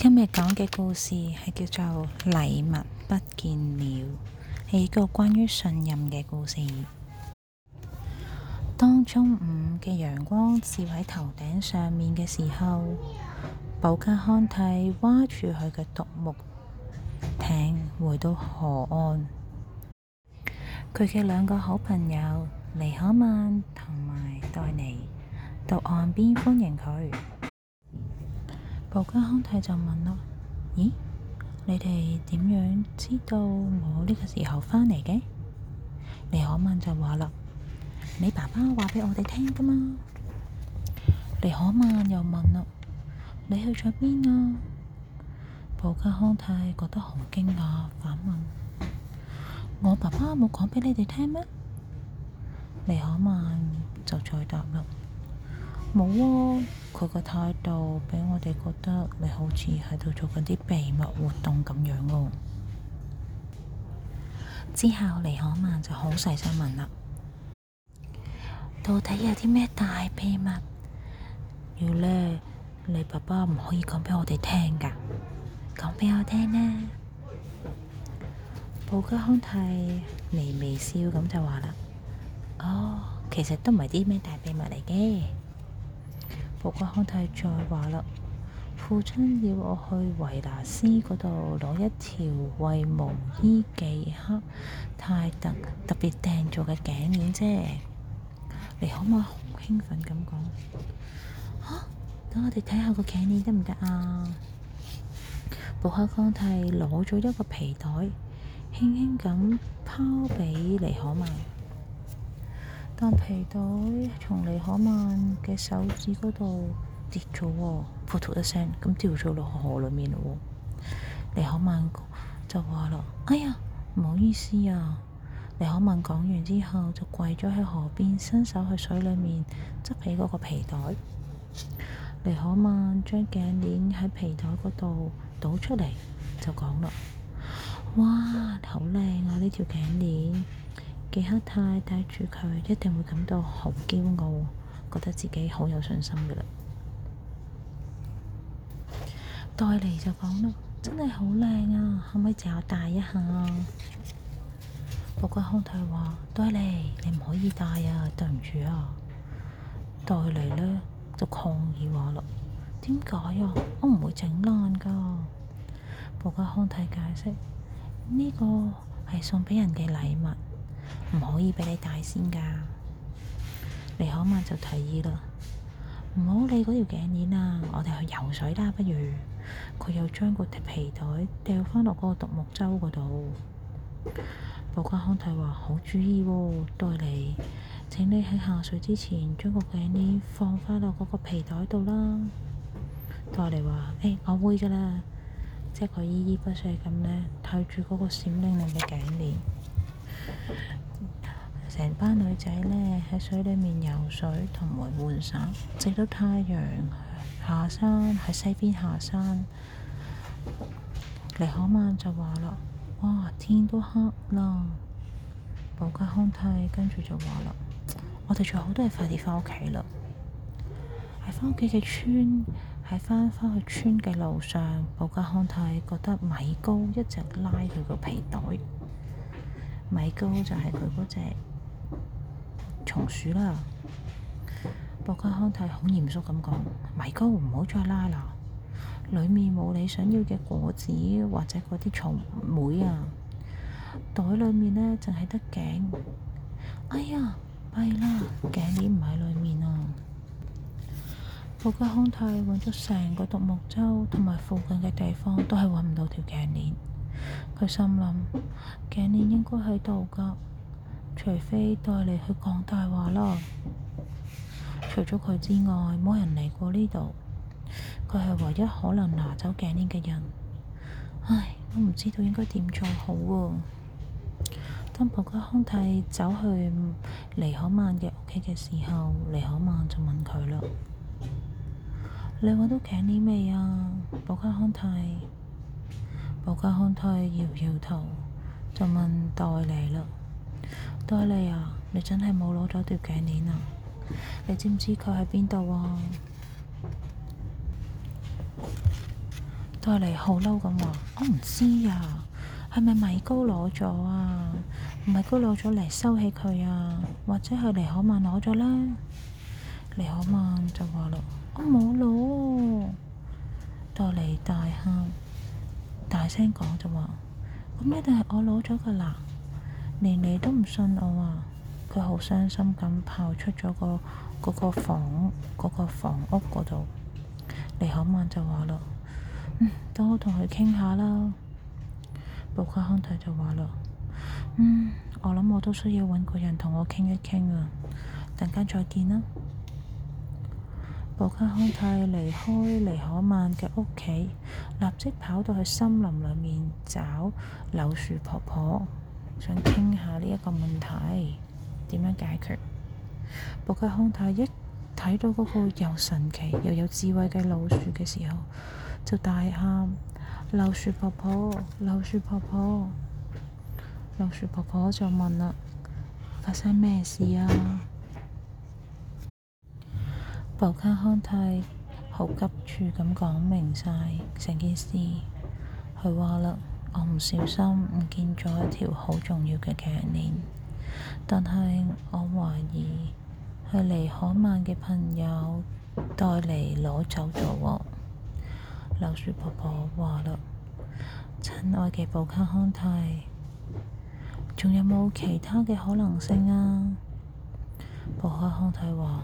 今日講嘅故事係叫做《禮物不見了》，係一個關於信任嘅故事。當中午嘅陽光照喺頭頂上面嘅時候，保加康蒂划住佢嘅獨木艇回到河岸。佢嘅兩個好朋友尼可曼同埋黛尼到岸邊歡迎佢。布加康泰就問啦：咦，你哋點樣知道我呢個時候返嚟嘅？尼可曼就話啦：你爸爸話畀我哋聽噶嘛。尼可曼又問啦：你去咗邊啊？布加康泰覺得好驚訝，反問：我爸爸冇講畀你哋聽咩？尼可曼就再答啦。冇啊！佢個態度畀我哋覺得你好似喺度做緊啲秘密活動咁樣咯。哦。之後尼可曼就好細聲問啦：到底有啲咩大秘密？要咧，你爸爸唔可以講畀我哋聽㗎。講畀我聽呢？布吉康泰微微笑咁就話啦：哦，其實都唔係啲咩大秘密嚟嘅。布克康泰再話啦，父親要我去維納斯嗰度攞一條為毛衣寄克泰特特別訂做嘅頸鏈啫。你可唔可以好興奮咁講？等我哋睇下個頸鏈得唔得啊？布克、啊、康泰攞咗一個皮袋，輕輕咁拋畀尼可曼。但皮袋從黎可曼嘅手指嗰度跌咗喎，噗突一聲，咁掉咗落河裡面嘞喎。黎可曼就話啦：，哎呀，唔好意思啊！黎可曼講完之後，就跪咗喺河邊，伸手去水裡面執起嗰個皮袋。黎可曼將頸鏈喺皮袋嗰度倒出嚟，就講啦：，哇，你好靚啊！呢條頸鏈。貝克泰戴住佢，一定會感到好驕傲，覺得自己好有信心嘅啦。黛莉就講啦：，真係好靚啊，可唔可以借我戴一下啊？布格康泰話：，黛莉，你唔可以戴啊，對唔住啊。黛莉呢，就抗議我啦：，點解啊？我唔會整爛噶。布格康泰解釋：，呢個係送畀人嘅禮物。唔可以畀你戴先㗎，你可萬就提議啦。唔好理嗰條頸鏈啦，我哋去游水啦。不如佢又將個皮袋掉返落嗰個獨木舟嗰度。保加康泰話好主意，多謝你，請你喺下水之前將個頸鏈放返落嗰個皮袋度啦。多謝你話誒、欸，我會㗎啦，即係佢依依不捨咁咧睇住嗰個閃亮亮嘅頸鏈。成班女仔呢，喺水裡面游水同埋換衫，直到太陽下山喺西邊下山。黎可曼就話啦：哇，天都黑啦！保家康太跟住就話啦：我哋仲有好多嘢，快啲翻屋企啦！喺翻屋企嘅村，喺翻翻去村嘅路上，保家康太覺得米高一直拉佢個皮袋。米高就係佢嗰隻。松鼠啦，博家康泰好嚴肅咁講：米高，唔好再拉啦，裡面冇你想要嘅果子或者嗰啲松梅啊！袋裡面呢，淨係得頸。哎呀，弊啦，頸鏈唔喺裡面啊！博家康泰揾咗成個獨木舟同埋附近嘅地方，都係揾唔到條頸鏈。佢心諗，頸鏈應該喺度㗎。除非代你去講大話啦！除咗佢之外，冇人嚟過呢度。佢係唯一可能拿走頸鏈嘅人。唉，我唔知道應該點做好喎啊。當保加康泰走去尼可曼嘅屋企嘅時候，尼可曼就問佢啦：， 你揾到頸鏈未啊？保加康泰？保加康泰搖搖頭，就問代你啦。戴利啊，你真係冇攞咗條頸鏈啊！你知唔知佢喺邊度啊？戴利好嬲咁話：，我唔知啊，係咪米高攞咗啊？米高攞咗嚟收起佢啊，或者係尼可曼攞咗咧？尼可曼就話啦：，我冇攞。戴利大喊，大聲講就話：，咁一定係我攞咗噶啦！連你都唔信我啊！佢好傷心咁跑出咗個嗰房嗰個房屋嗰度。尼可曼就話啦：，嗯，等我同佢傾下啦。布卡康泰就話啦：，嗯，我諗我都需要揾個人同我傾一傾啊。陣間再見啦。布卡康泰離開尼可曼嘅屋企，立即跑到去森林裏面找柳樹婆婆。想傾下呢一個問題點樣解決？布卡康泰一睇到嗰個又神奇又有智慧嘅老鼠嘅時候，就大喊：老鼠婆婆，老鼠婆婆，老鼠婆婆，老鼠婆婆就問啦：發生咩事啊？布卡康泰好急處咁講明晒成件事，佢話啦。我唔小心唔見咗一條好重要嘅頸鏈，但係我懷疑係尼可曼嘅朋友帶嚟攞走咗喎。柳樹婆婆話：咯，親愛嘅布克康泰，仲有冇其他嘅可能性啊？布克康泰話：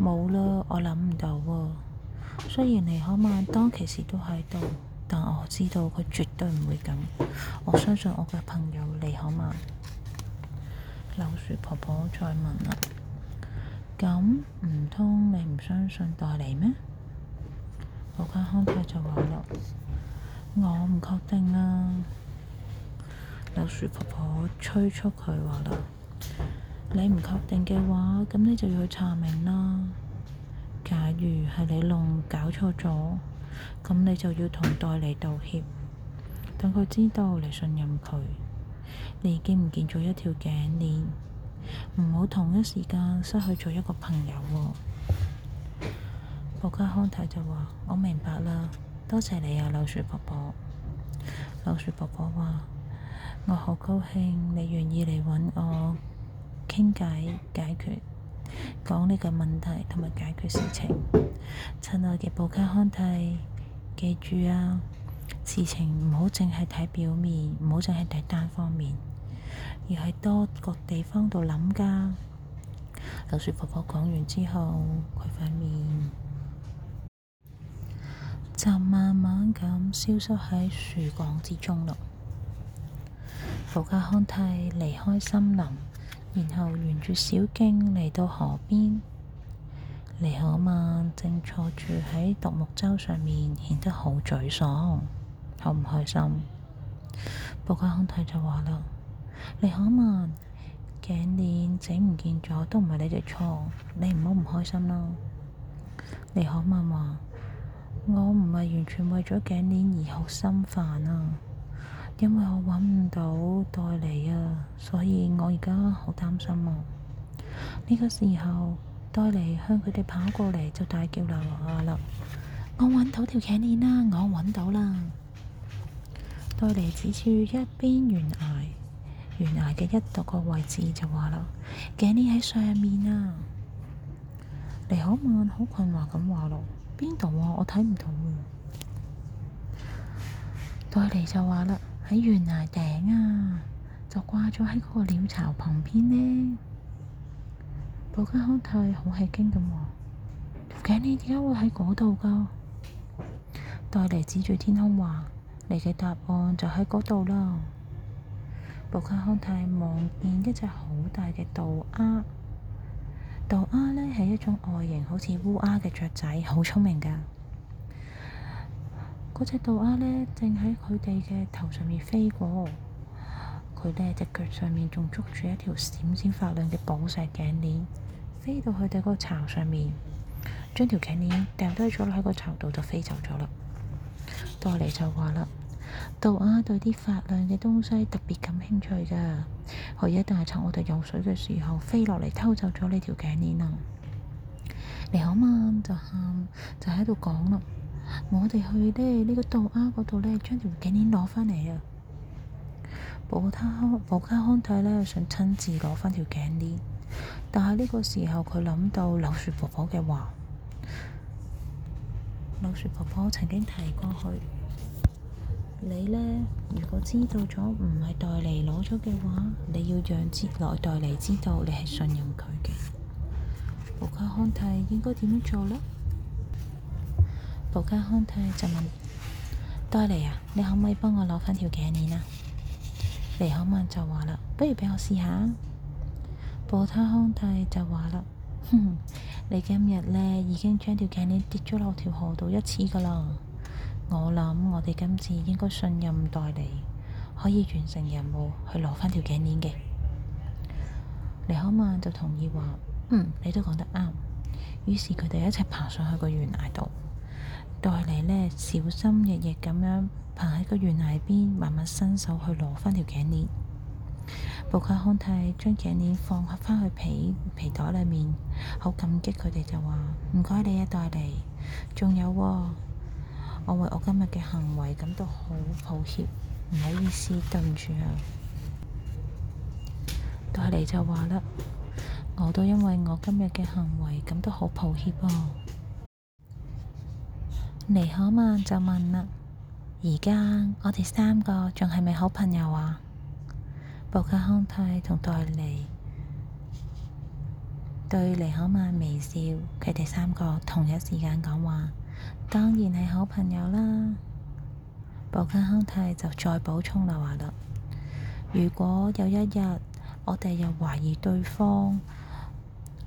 冇啦，我諗唔到喎。雖然尼可曼當其時都喺度。但我知道佢絕對唔會咁，我相信我嘅朋友你好嗎？柳樹婆婆再問啦、啊。咁唔通你唔相信代理咩？我家康太就話啦，我唔確定啊。柳樹婆婆催促佢話啦：你唔確定嘅話，咁你就要去查明啦。假如係你弄搞錯咗。咁你就要同代理道歉，等佢知道你信任佢。你已經唔見咗一條頸鏈，唔好同一時間失去咗一個朋友喎、哦。布家康太就話：我明白啦，多謝你啊，柳樹婆婆。柳樹婆婆話：我好高興你願意嚟揾我傾偈解決。講呢個問題同埋解決事情。親愛嘅布加康泰，記住啊，事情唔好淨係睇表面，唔好淨係睇單方面，而係多個地方度諗㗎。柳樹婆婆講完之後，佢塊面就慢慢咁消失喺樹港之中咯。布加康泰離開森林，然後沿住小徑嚟到河邊，李可曼正坐住喺獨木舟上面，顯得好沮喪，好唔開心。布加康泰就話啦，李可曼，頸鏈整唔見咗，都唔係你嘅錯，你唔好唔開心啦。李可曼話，我唔係完全為咗頸鏈而好心煩啊。因為我揾唔到袋嚟啊，所以我而家好擔心啊。呢個時候，袋嚟向佢哋跑過嚟，就大叫流下啦我。我揾到條頸鏈啦，我揾到啦。袋嚟指住一邊懸崖，懸崖嘅一度個位置就話啦，頸鏈喺上面啊。你好慢，好困惑咁話咯，邊度啊？我睇唔到啊。袋嚟就話啦。喺懸崖頂啊，就掛咗喺嗰個鳥巢旁邊呢。布卡康泰好吃驚噶，究竟你點解會喺嗰度噶？黛尼指住天空話：你嘅答案就喺嗰度啦。布卡康泰望見一隻好大嘅渡鴉，渡鴉咧係一種外形好似烏鴉嘅雀仔，好聰明噶。嗰隻渡鴉咧，正喺佢哋嘅頭上面飛過，佢咧隻腳上面仲捉住一條閃閃發亮嘅寶石頸鏈，飛到佢哋嗰個巢上面，將條頸鏈掉低咗喺個巢度就飛走咗啦。多莉就話啦。渡鴉對啲發亮嘅東西特別感興趣㗎，佢一定係趁我哋游水嘅時候飛落嚟偷走咗呢條頸鏈啊！你好嘛，就喊就喺度講啦。我哋去咧呢、這個杜阿嗰度呢，將條頸鏈攞返嚟啊！保卡康保卡康泰咧想親自攞返條頸鏈，但係呢個時候佢諗到柳樹婆婆嘅話，柳樹婆婆曾經提過佢：你呢，如果知道咗唔係代莉攞咗嘅話，你要讓接內代莉知道你係信任佢嘅。保卡康泰應該點樣做呢？布加康帝就問多莉啊，你可唔可以幫我攞翻條頸鏈啊？黎可曼就話啦，不如畀我試下。布加康帝就話啦，哼，你今日咧已經將條頸鏈跌咗落條河度一次噶啦。我諗我哋今次應該信任代莉，可以完成任務去攞翻條頸鏈嘅。黎可曼就同意話，嗯，你都講得啱。於是佢哋一齊爬上去個懸崖度。袋嚟咧，小心翼翼咁樣爬喺個懸崖邊，慢慢伸手去攞翻條頸鏈。布卡康泰將頸鏈放翻去皮皮袋裡面，好感激佢哋就話：唔該你啊，袋嚟。仲有、哦，我為我今日嘅行為感到好抱歉，唔好意思，對唔住啊。袋嚟就話啦，我都因為我今日嘅行為感到好抱歉喎、哦。尼可曼就問啦：而家我哋三個仲係咪好朋友啊？布吉康泰同黛妮對尼可曼微笑，佢哋三個同一時間講話：當然係好朋友啦！布吉康泰就再補充話話啦：如果有一日我哋又懷疑對方，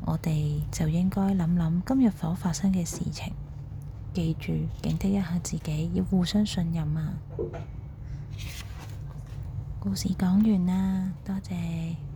我哋就應該諗諗今日所發生嘅事情。記住，警惕一下自己，要互相信任啊。故事講完啦，多謝。